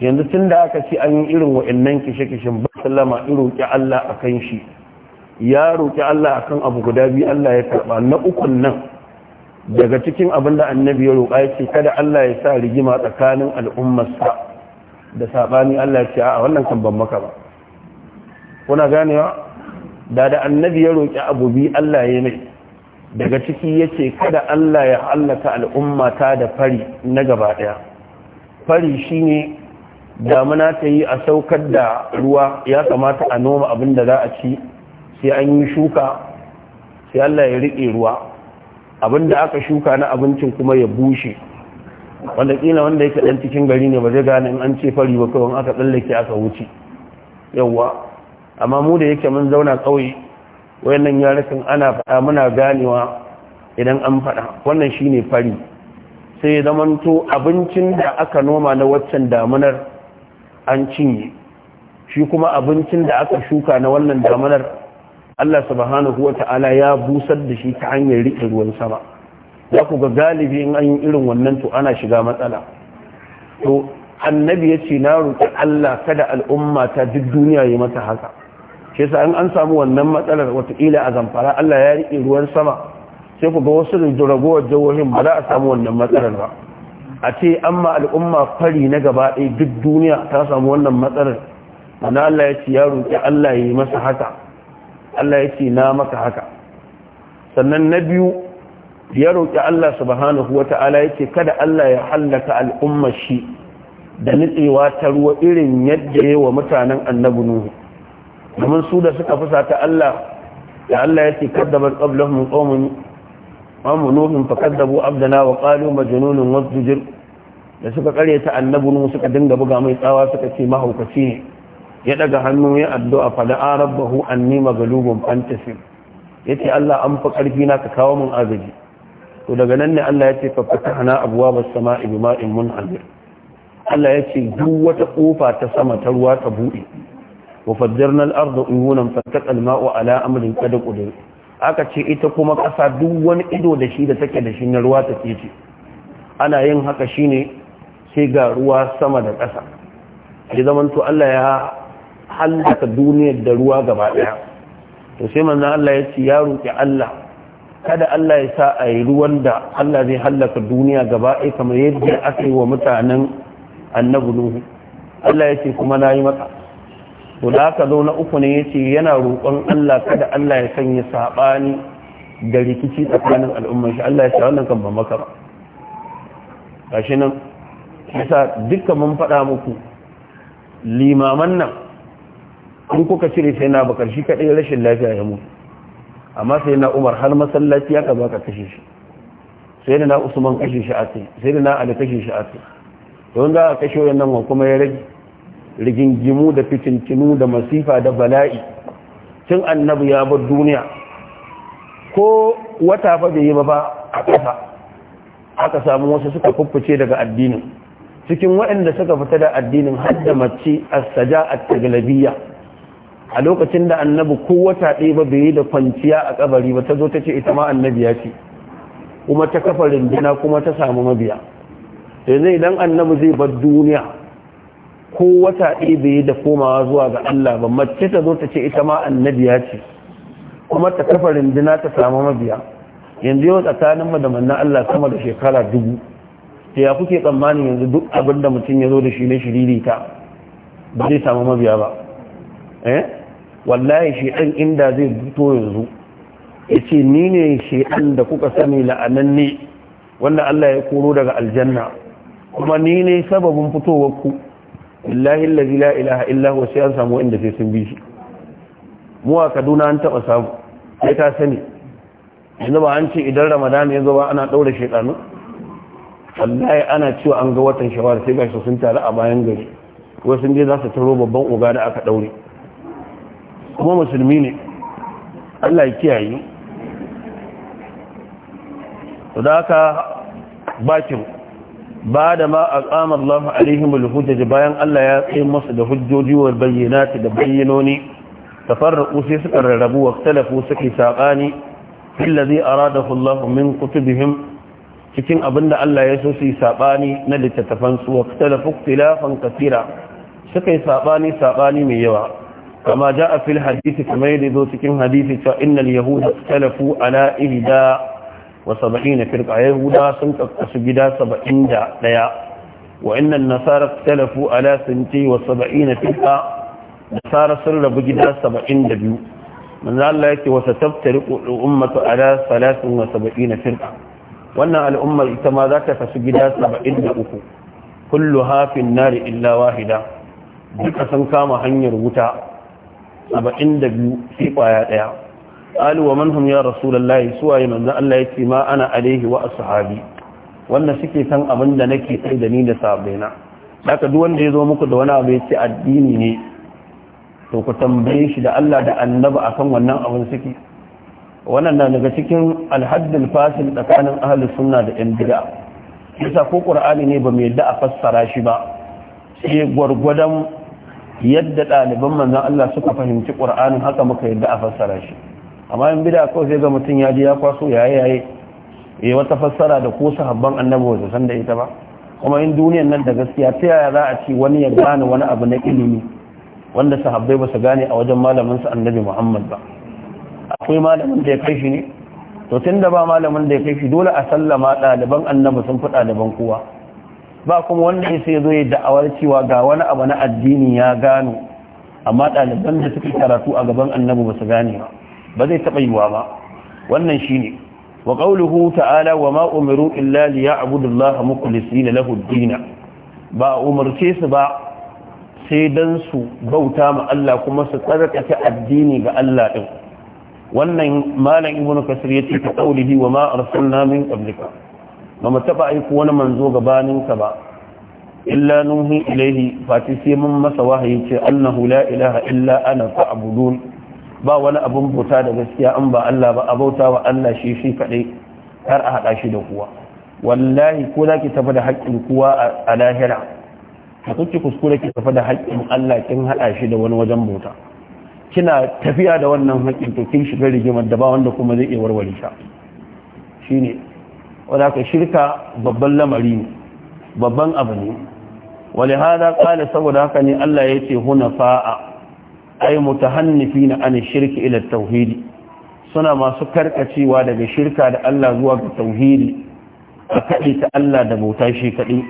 [SPEAKER 1] yanzu tun da aka ce an yi irin wa'annan kishe-kishen ba sallama in roƙi Allah a kan shi ya roƙi Allah a kan abu guda biyu Allah ya karɓa na ukun nan daga cikin abin da annabi ya roƙa yake kada Allah ya sa rigima tsakanin al'ummarsa da sabani Allah ya ce a wannan kan ban maka ba kuna ganewa da da annabi ya roƙi abu bi Allah ya mai daga ciki yace kada Allah ya hallaka ta da fari na gaba daya fari shine damuna ta yi a saukar da ruwa ya kamata a noma abin da za a ci sai an yi shuka sai Allah ya rike ruwa abin da aka shuka na abincin kuma ya bushe wanda kila wanda yake dan cikin gari ne ba zai gane in an ce fari ba kawai aka tsallake aka wuce yawa amma mu da yake mun zauna kauye wayannan yarukan ana faɗa muna ganewa idan an faɗa wannan shine fari sai ya zamanto abincin da aka noma na waccan damunar an cinye shi kuma abincin da aka shuka na wannan damunar Allah subhanahu wa ta'ala ya busar da shi ta hanyar riƙe ruwan sama za ku ga galibi in an yi irin wannan to ana shiga matsala to annabi ya ce na roƙi Allah kada al'umma ta duk duniya yi mata haka shi yasa in an samu wannan matsalar wataƙila a zamfara Allah ya riƙe ruwan sama sai ku ga wasu da ragowar jihohin ba za a samu wannan matsalar ba a ce amma al'umma fari na gaba ɗaya duk duniya ta samu wannan matsalar ana Allah ya ce ya roƙi Allah ya yi masa haka Allah ya ce na maka haka sannan na biyu ya roƙi Allah subhanahu wa ta'ala ya ce kada Allah ya hallaka al'ummar shi da nitsewa ta ruwa irin yadda ya wa mutanen annabi Nuhu domin su da suka fusata Allah da Allah ya ce kaddabar qablahum qawmun amma nuhin fa bu abdana wa qalu wasu wasjud da suka karyata annabi Nuhu suka dinga buga mai tsawa suka ce mahaukaci ne ya daga hannu ya addu'a fa da rabbahu anni maghlubun ya yace Allah an fa karfi na ka kawo mun agaji to daga nan ne Allah yace fa fatahna abwaabas samaa'i mun munhamir Allah yace duk wata ƙofa ta sama ta ruwa ta buɗe, wa fajjarna al-ardu uyunan fattaqa al-ma'u ala amrin kada qadir aka ce ita kuma ƙasa duk wani ido da shi da take da shi na ruwa ta ce ana yin haka shine sai ga ruwa sama da ƙasa ya zaman to Allah ya hallaka duniyar da ruwa gaba daya to sai manzo Allah ya ce ya roki Allah kada Allah ya sa a yi ruwan da Allah zai hallaka duniya gaba ɗaya kamar yadda aka yi wa mutanen annabi Nuhu Allah ya ce kuma na yi maka to da aka zo na uku ne ya ce yana roƙon Allah kada Allah ya sanya saɓani da rikici tsakanin al'ummar shi Allah ya ce wannan kan ba maka ba gashi nan yasa dukkan mun faɗa muku limaman nan in kuka cire sai na bakar shi kaɗai rashin lafiya ya mutu amma sai na umar har masallaci ya kaba ka kashe shi sai na usman kashe shi a sai sai na ali kashe shi a sai don za a kashe wannan wa kuma ya rage rigingimu da fitintinu da masifa da bala'i tun annabi ya bar duniya ko wata fa bai yi ba a ƙasa aka samu wasu suka kuffuce daga addinin cikin waɗanda suka fita da addinin da mace as-saja at-taglabiyya a lokacin da annabi ko wata ɗaya ba bai yi da kwanciya a kabari ba ta zo ta ce ita ma annabi ya ce kuma ta kafa rindina kuma ta samu mabiya yanzu idan annabi zai bar duniya ko wata ɗaya bai yi da komawa zuwa ga Allah ba mace ta zo ta ce ita ma annabi ya ce kuma ta kafa rindina ta samu mabiya yanzu yau tsakanin mu da manna Allah sama da shekara dubu ta ya kuke tsammanin yanzu duk abin da mutum ya zo da shi na shiririta ba zai samu mabiya ba eh wallahi ɗan inda zai fito yanzu yace ni ne ɗan da kuka sani la'ananne wanda Allah ya koro daga aljanna kuma ni ne sababin fitowar ku billahi allazi la ilaha illa wasu 'yan samu inda sai sun bi shi mu a Kaduna an taɓa samu sai ta sani yanzu ba an ce idan Ramadan ya zo ba ana daura shedanu wallahi ana cewa an ga watan shawar sai gashi sun taru a bayan gari wasu je za su taro babban uga da aka daure kuma musulmi ne Allah ya kiyaye to da haka bakin ba da ma a ƙamar Allah alaihim al-hujjaj bayan Allah ya tsaye masa da hujjoji wa bayyanati da bayyanoni tafarraqu sai suka rarrabu wa talafu suka saƙani allazi aradahu Allah min kutubihim cikin abinda Allah ya so su yi saɓani na littattafan su wa talafu ikhtilafan kathira suka yi saɓani saɓani mai yawa kama ja a fil hadisi kuma yadda zo cikin hadisi cewa innal yahuda talafu ala ihda wa saba'ina firqa yahuda sun kakkasu gida saba'in da ɗaya wa innan nasara talafu ala sinti wa na firka. nasara sun rabu gida saba'in da biyu manzo Allah yake wasa taftari ummatu ala salasin wa na firka. wannan al'ummar ita ma za ta kasu gida saba'in da uku kullu hafin nari illa wahida duka sun kama hanyar wuta saba'in da biyu sai kwaya ɗaya ƙalu wa manhum ya rasulallahi suwaye manzan Allah ya ce ma ana alaihi wa ashabi Wannan suke kan abin da nake kai da ni da sabaina daga duk wanda ya zo muku da wani abu ya addini ne to ku tambaye shi da Allah da annaba akan wannan abin suke wannan na daga cikin alhaddul fasil tsakanin ahli sunna da yan bid'a yasa ko qur'ani ne ba mai yadda a fassara shi ba sai gwargwadon yadda ɗaliban manzan Allah suka fahimci ƙur'anin haka muka yadda a fassara shi amma in bida kawai sai ga mutum ya ji ya kwaso yaye yaye yi eh, wata fassara da ko sahabban annabi wasu san da ita ba kuma in duniyan nan da gaskiya ta yaya za a ci wani ya gane wani abu na ilimi wanda sahabbai ba su gane a wajen malamin su annabi Muhammad ba akwai malamin da ya kai shi ne to tun da ba malamin da ya kai shi dole a sallama ɗaliban annabi sun fi ɗaliban kowa ba kuma wanda ya sai zo ya da'awar cewa ga wani abu na addini ya gano amma ɗaliban da suke karatu a gaban annabi ba su gane ba ba zai taɓa yiwa ba wannan shi ne wa ƙauluhu ta'ala wa ma umiru illa li ya'budu Allah mukhlisina lahu ad-din ba umarce su ba sai dan su bauta ma Allah kuma su tsarkake addini ga Allah ɗin. wannan malam ibnu kasir ce ta qaulihi wa ma arsalna min ba mu taɓa aiko wani manzo gabaninka ba illa nuhi ilaihi fati sai mun masa wahayi ce annahu la ilaha illa ana fa'budun ba wani abun bauta da gaskiya an ba Allah ba abauta wa Allah shi shi kaɗai har a haɗa shi da kuwa. wallahi ko ki tafi da haƙƙin kuwa a lahira a kuke kuskure ki tafi da haƙƙin Allah kin haɗa shi da wani wajen bauta kina tafiya da wannan haƙƙin to kin shiga rigimar da ba wanda kuma zai iya warware shi shine wadda ka shirka babban lamari ne babban abu ne wale hada kala saboda haka ne Allah ya ce huna fa'a ai mutahannifi na ani shirki ila tauhidi suna masu karkacewa daga shirka da Allah zuwa ga tauhidi a kaɗi ta Allah da bauta shi kaɗi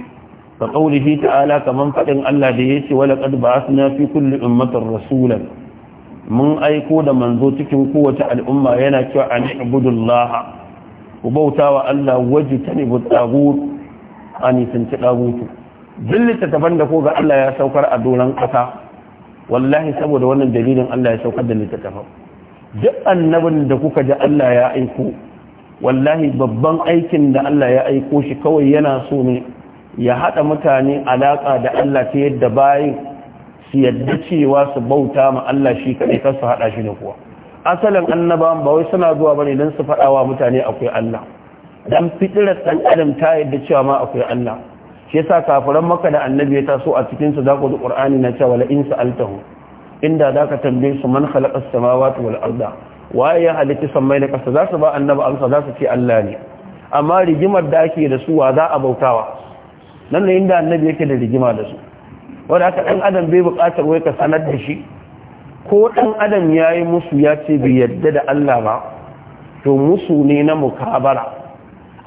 [SPEAKER 1] ka ƙaurihi ta'ala kamar faɗin Allah da ya ce wala ƙad ba su na fi kulli ummatar rasulan mun aiko da manzo cikin kowace al'umma yana cewa an ibudullaha ku bauta wa Allah waje ta ne butsagu a nisanci ɗagutu duk littattafan da ko ga Allah ya saukar a doron ƙasa wallahi saboda wannan dalilin Allah ya saukar da littattafan duk annabin da kuka ji Allah ya aiko wallahi babban aikin da Allah ya aiko shi kawai yana so ne ya haɗa mutane alaƙa da Allah ta yadda bayan su yadda cewa su bauta ma Allah shi kaɗai kar su haɗa shi da kuwa. asalin annaba ba wai suna zuwa bane don su faɗawa mutane akwai Allah dan fitirar dan adam ta yadda cewa ma akwai Allah shi yasa kafiran maka da annabi ya taso a cikin su zaku qur'ani na cewa la in sa'altahu inda zaka tambaye su man khalaqa as-samawati wal arda waye ya halitta sammai da kasa zasu ba annaba amsa zasu ce Allah ne amma rigimar da ake da su wa za a bautawa nan ne inda annabi yake da rigima da su wanda haka dan adam bai buƙatar wai ka sanar da shi ko ɗan adam ya yi musu ya ce bai yadda da Allah ba to musu ne na mukabara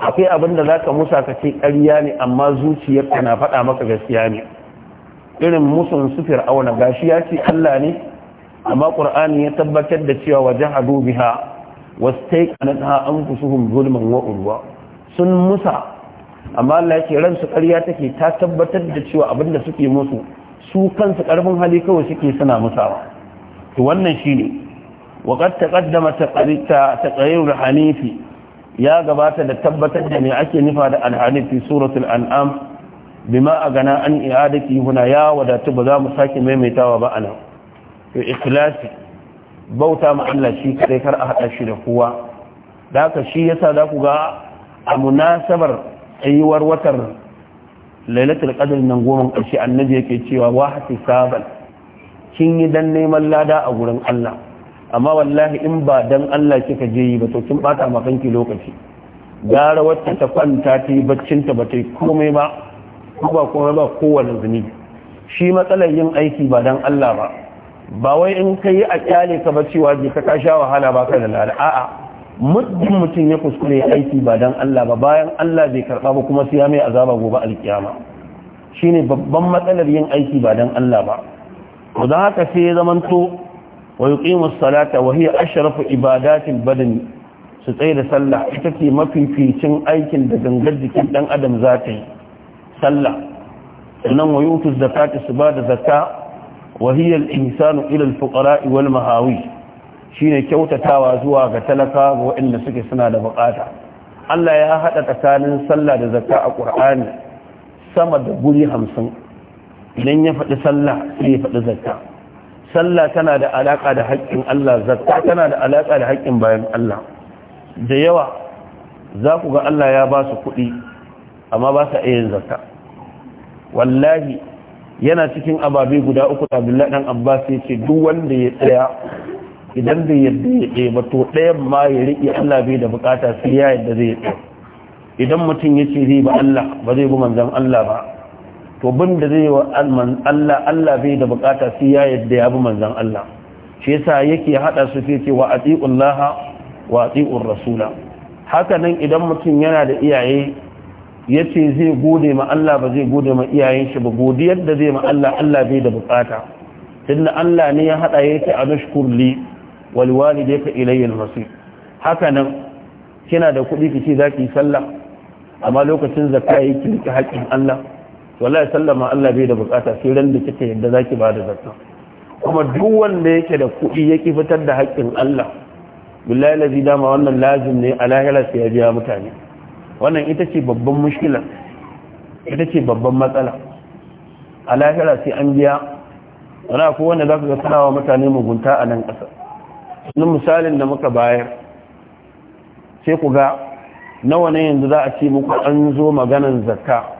[SPEAKER 1] akwai abin da za ka musa ka ce ƙarya ne amma zuciyarka na faɗa maka gaskiya ne irin musun su fir'auna gashi ya ce Allah ne amma ƙur'ani ya tabbatar da cewa waje hadu biha wastaiqanatha anfusuhum zulman wa urwa sun musa amma Allah yake ran su ƙarya take ta tabbatar da cewa abinda suke musu su kansu ƙarfin hali kawai suke suna musawa to wannan shine وقد تقدم تقرير الحنيف يا جماعه da tabbatar da me ake nufa da al-hanif fi suratul an'am bima agana an i'adati huna ya wadatu ba za mu sake maimaitawa ba nan. to ikhlasi bauta ma Allah shi kai kar a haɗa shi da kowa daka shi yasa za ku ga a munasabar ayyuwar watar lailatul qadr nan goma karshe annabi yake cewa wa sabal kin yi dan neman lada a gurin Allah amma wallahi in ba dan Allah kika je yi ba to kin bata ma kanki lokaci gara wacce ta kwanta ta yi baccin ta ba ta yi komai ba ko ba komai ba kowane zunubi shi matsalar yin aiki ba dan Allah ba ba wai in ka yi a kyale ka ba cewa je ka kasha sha wahala ba ka da lada a'a muddin mutum ya kuskure aiki ba dan Allah ba bayan Allah bai karba ba kuma sai ya mai azaba gobe alkiyama shine babban matsalar yin aiki ba dan Allah ba to haka sai ya zamanto wa yuqimu as-salata wa hiya ashrafu ibadatil badani su tsaye da sallah ita ce mafificin aikin da gangar jikin dan adam za ta yi sallah sannan wa da zakata su ba da zakka wa hiya al-insanu ila wal mahawi shine kyautatawa zuwa ga talaka waɗanda suke suna da buƙata Allah ya haɗa tsakanin sallah da zakka a ƙur'ani sama da guri hamsin idan ya faɗi sallah sai ya faɗi zakka sallah tana da alaƙa da haƙƙin Allah zakka tana da alaƙa da haƙƙin bayan Allah da yawa za ku ga Allah ya ba su kuɗi amma ba sa iya zakka wallahi yana cikin ababe guda uku Abdullahi dan Abbas ya ce duk wanda ya tsaya idan bai yadda ya ɗaya ba to ɗayan ma ya riƙe Allah bai da bukata sai ya yadda zai ɗaya idan mutum ya ce zai ba Allah ba zai bi manzon Allah ba to bin da zai wa Allah Allah bai da bukata sai ya yadda ya bi manzon Allah shi yasa yake hada su fi cewa Laha wa atiqur rasula haka nan idan mutum yana da iyaye yace zai gode ma Allah ba zai gode ma iyayen shi ba godiyar da zai ma Allah Allah bai da bukata tunda Allah ne ya hada yake anashkur li wal walidayka ilayya al-masir haka nan kina da kuɗi kici zaki sallah amma lokacin zakka yake haƙin Allah wallahi sallama Allah bai da bukata sai ran da kike yadda zaki ba da zakka kuma duk wanda yake da kuɗi yake fitar da haƙƙin Allah billahi lazi dama wannan lazim ne a lahira sai ya biya mutane wannan ita ce babban mushkila ita ce babban matsala a lahira sai an biya wani akwai wanda za ka ga sanawa mutane mugunta a nan ƙasa sunan misalin da muka bayar sai ku ga nawa ne yanzu za a ce muku an zo maganan zakka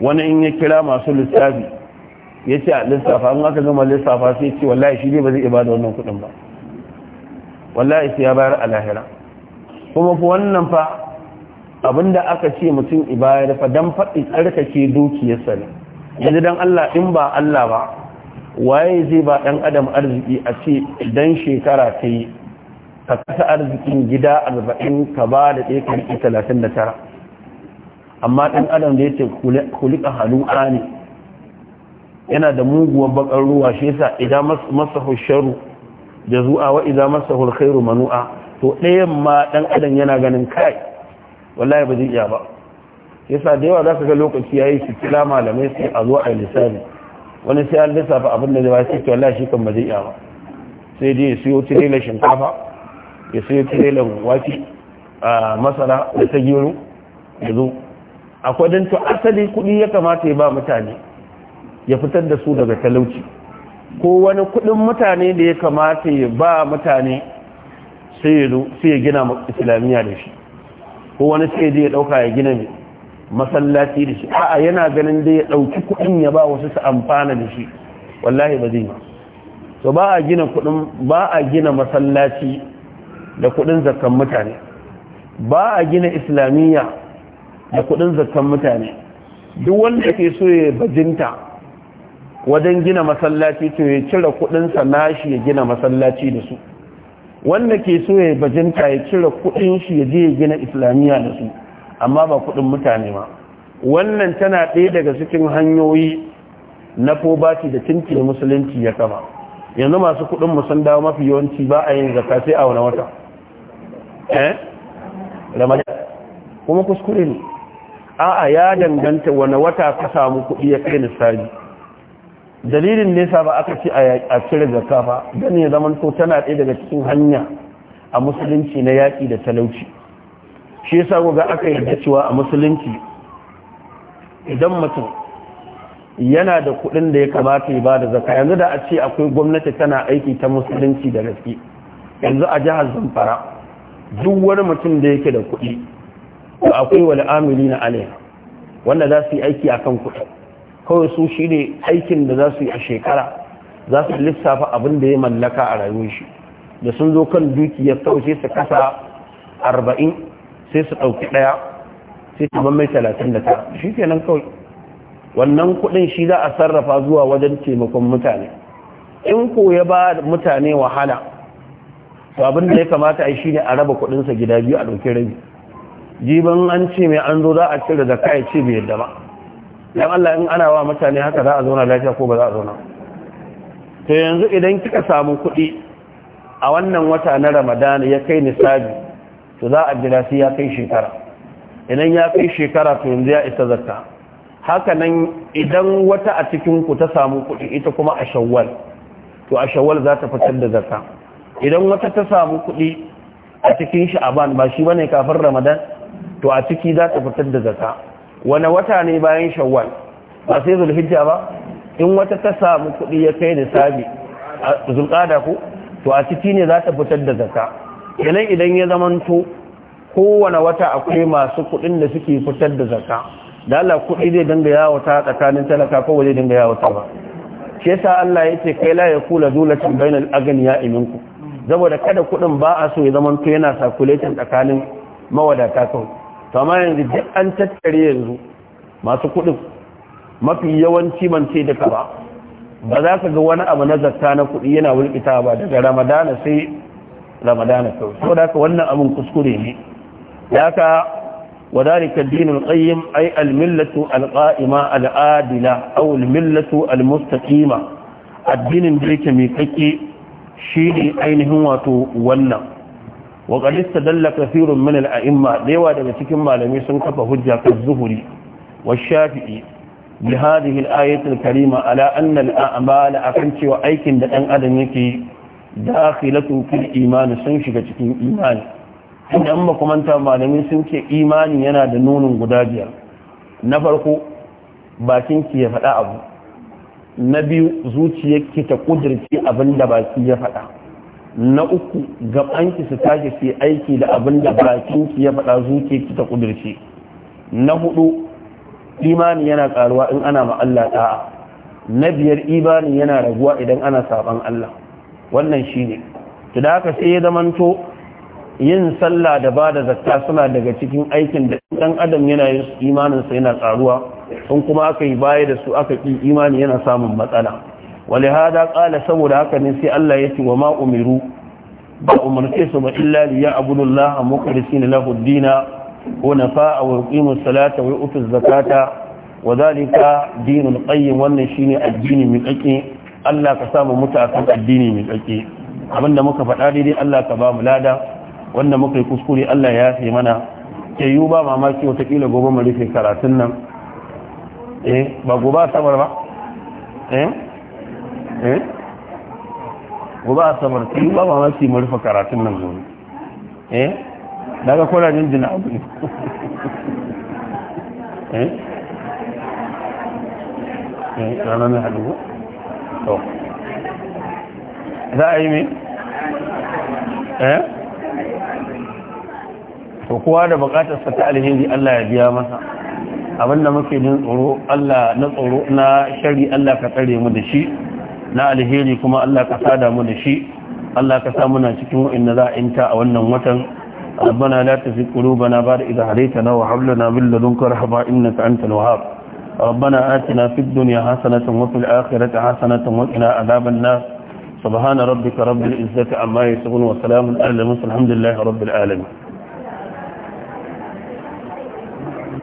[SPEAKER 1] wani in ya kira masu lissafi ya ce a lissafa an aka gama lissafa sai ce wallahi shi ne ba zai ibada wannan kudin ba wallahi sai ya bayar a lahira kuma fa wannan fa abinda aka ce mutum ibayar fa dan faɗi tsarkake dukiyarsa ne yanzu dan Allah in ba Allah ba waye zai ba dan adam arziki a ce dan shekara ta yi ka kasa arzikin gida arba'in ka ba da ɗaya kan talatin da tara amma ɗan adam da ya ce kulika halu'a ne yana da muguwan baƙar ruwa shi yasa idan masahu sharu zuwa wa idan masahu alkhairu manu'a to ɗayan ma ɗan adam yana ganin kai wallahi ba zai iya ba yasa da yawa za ka ga lokaci yi su kila malamai sai a zo a lissafi wani sai an lissafa abin da zai ce wallahi shi kan ba zai iya ba sai dai ya siyo tirelan shinkafa ya siyo tirelan wake a ah, masara da ta gero ya zo akwai don to asali kuɗi ya kamata ya ba mutane ya fitar da su daga talauci ko wani kuɗin mutane da ya kamata ya ba mutane sai ya gina islamiyya da shi ko wani sai ya ɗauka ya gina masallaci da shi a'a yana ganin da ya ɗauki kuɗin ya ba wasu su amfana da shi wallahi ba zai so ba a gina kuɗin ba a gina masallaci da kuɗin zakkan mutane ba a gina islamiyya da kudin zaton mutane duk wanda ke so ya bajinta wajen gina masallaci to ya cire kudinsa nashi ya gina masallaci da su wanda ke so ya bajinta ya cire kudin shi ya je ya gina islamiyya da su amma ba kudin mutane ma wannan tana ɗaya daga cikin hanyoyi na fobati da tinki da musulunci ya kama yanzu masu kudin musan dawo mafi yawanci ba a yin zakka sai a wani wata eh ramadan kuma kuskure ne a'a ya danganta wani wata ka samu kuɗi ya kai nisabi dalilin nesa ba aka ce a cire zakka ba don ya zama ko tana ɗaya daga cikin hanya a musulunci na yaƙi da talauci shi yasa ga aka yarda cewa a musulunci idan mutum yana da kuɗin da ya kamata ya ba da zaka yanzu da a ce akwai gwamnati tana aiki ta musulunci da gaske yanzu a jihar zamfara duk wani mutum da yake da kuɗi to akwai wal na alaiha wanda za su yi aiki a kan kuɗi kawai su shi ne aikin da za su yi a shekara za su lissafa abin da ya mallaka a rayuwar shi da sun zo kan dukiyar kawai sai su kasa arba'in sai su ɗauki ɗaya sai su mai talatin da ta. shi kenan kawai wannan kuɗin shi za a sarrafa zuwa wajen taimakon mutane in ko ya ba mutane wahala to abin da ya kamata a yi shi ne a raba kuɗinsa gida biyu a ɗauki rabi jiban an ce mai an zo za a cire da kai ce bai yadda ba dan Allah in ana wa mutane haka za a zauna lafiya ko ba za a zauna to yanzu idan kika samu kuɗi a wannan wata na Ramadan ya kai nisabi to za a jira sai ya kai shekara idan ya kai shekara to yanzu ya isa zakka haka nan idan wata a cikin ku ta samu kuɗi ita kuma a shawwal to a shawwal za ta fitar da zakka idan wata ta samu kuɗi a cikin sha'aban ba shi bane kafin Ramadan to a ciki za ta fitar da zaka wani wata ne bayan shawwal ba sai zulhijja ba in wata ta samu kuɗi ya kai da nisabi a zulƙada ku to a ciki ne za ta fitar da zaka kenan idan ya zamanto kowane wata akwai masu kuɗin da suke fitar da zaka da Allah kuɗi zai dinga yawata tsakanin talaka ko zai dinga yawata ba shi yasa Allah ya ce kai la yakula dulatin bainal ya iminku saboda kada kuɗin ba a so ya zamanto yana circulating tsakanin mawadata kawai kama yanzu duk an tattare yanzu masu kuɗin mafi yawanci man ce duka ba ba za ka ga wani abu na zarta na kuɗi yana wulkita ba daga ramadana sai ramadana kawai so da wannan abin kuskure ne ya ka wadarika dinul qayyim tsayin al millatu al qa'ima al adila aw al addinin da yake mai kake shi ne ainihin wato wannan wa qad firin kathirun a imma aimma daga cikin malami sun kafa hujja kan zuhuri wa shafi'i bi hadhihi al karima ala anna amal akan cewa aikin da dan adam yake dakhilatun fil imani sun shiga cikin imani inda amma kumanta malami sun ce imani yana da nunin guda biyar na farko bakin ki ya faɗa abu na biyu zuciyarki ta kudirce abin da baki ya faɗa na uku gabanki su tashi su aiki da abin da bakin ki ya faɗa ki ta kudirce na hudu imani yana karuwa in ana ma Allah ta'a na biyar imani yana raguwa idan ana saban Allah wannan shine to da haka sai ya zamanto yin sallah da ba da zakka suna daga cikin aikin da dan adam yana yin sa yana karuwa in kuma aka yi baya da su aka ki imani yana samun matsala wale hada ƙala saboda haka ne sai Allah ya ce wa ma umiru ba umarce su ba illa liya abudullah a mukarisi na lahuddina ko na fa'a wa yuqimu salata wa ofis zakata wa zalika dinul qayyim wannan shine addini mai kake Allah ka samu kan addini mai kake abinda muka faɗa daidai Allah ka ba mu lada wanda muka yi kuskure Allah ya yafe mana ke yi ba mamaki watakila gobe mu rufe karatun nan eh ba gobe ba eh eh ba a samar ta yi ba ma masu yi marufa karatun nan gobe eh daga kwanajen jina abu ne eh eh rana mai haduwa to za a yi mai eh to kowa da sa ta alheri Allah ya biya masa abinda muke jin tsoro Allah na tsoro na shari Allah ka tsare mu da shi na alheri kuma Allah ka sada mu da shi Allah ka sa muna cikin wa'inda za a inta a wannan watan ربنا لا تزغ قلوبنا بعد إذ هديتنا وهب لنا من لدنك رحمة إنك أنت الوهاب ربنا آتنا في الدنيا حسنة وفي الآخرة حسنة وقنا عذاب النار سبحان ربك رب العزة عما يصفون وسلام على المرسلين الحمد لله رب العالمين